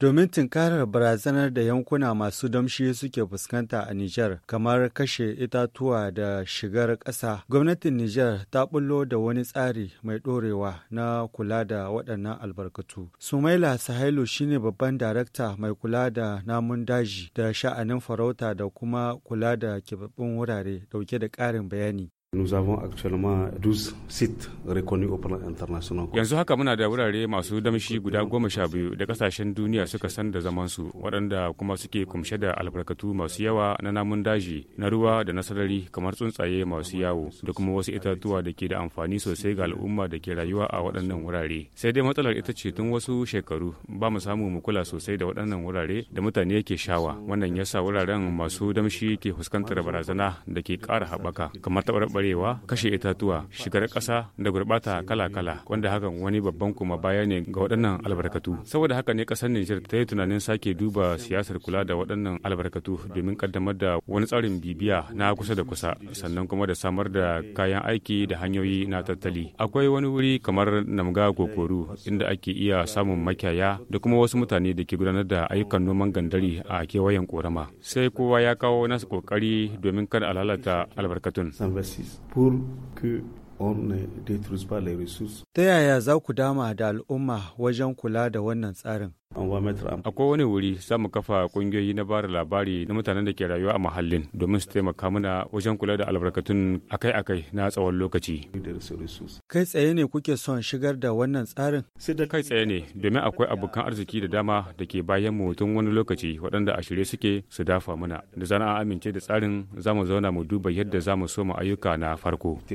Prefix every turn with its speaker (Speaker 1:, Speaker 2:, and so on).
Speaker 1: domin tunkarar barazanar da yankuna masu damshi suke fuskanta a Nijar, kamar kashe itatuwa da shigar ƙasa. Gwamnatin Nijar ta bullo da wani tsari mai ɗorewa na kula da waɗannan albarkatu. Sumaila Sahailu shine babban darakta mai kula da namun daji da sha'anin farauta da kuma kula da keɓaɓɓun wurare dauke da ƙarin bayani. Nous avons actuellement 12 sites reconnus au plan international.
Speaker 2: Yanzu haka muna da wurare masu damshi guda goma sha biyu da kasashen duniya suka san da zamansu waɗanda kuma suke kumshe da albarkatu masu yawa na namun daji na ruwa da na sarari kamar tsuntsaye masu yawo da kuma wasu itatuwa da ke da amfani sosai ga al'umma da ke rayuwa a waɗannan wurare. Sai dai matsalar ita ce tun wasu shekaru ba mu samu mu kula sosai da waɗannan wurare da mutane ke shawa wannan yasa wuraren masu damshi ke fuskantar barazana da ke ƙara haɓaka kamar taɓarɓar barewa kashe itatuwa shigar ƙasa da gurɓata kala-kala wanda hakan wani babban kuma baya ne ga waɗannan albarkatu saboda haka ne ƙasar Nijar ta yi tunanin sake duba siyasar kula da waɗannan albarkatu domin kaddamar da wani tsarin bibiya na kusa da kusa sannan kuma da samar da kayan aiki da hanyoyi na tattali akwai wani wuri kamar namga kokoru inda ake iya samun makiyaya da kuma wasu mutane da ke gudanar da ayyukan noman gandari a kewayen korama sai kowa ya kawo nasu kokari domin kada a lalata albarkatun pour que
Speaker 1: Ta yaya za ku dama da al'umma wajen kula da wannan tsarin?
Speaker 2: Akwai wani wuri za mu kafa kungiyoyi na bada labari na mutanen da ke rayuwa a muhallin domin su taimaka mana wajen kula da albarkatun akai-akai na tsawon lokaci.
Speaker 1: Kai tsaye ne kuke son shigar da wannan tsarin?
Speaker 2: Kai tsaye ne domin akwai abokan arziki da dama da ke bayan mu tun wani lokaci waɗanda a shirye suke su dafa mana. Da zana an amince da tsarin za mu zauna mu duba yadda za mu soma ayyuka na farko.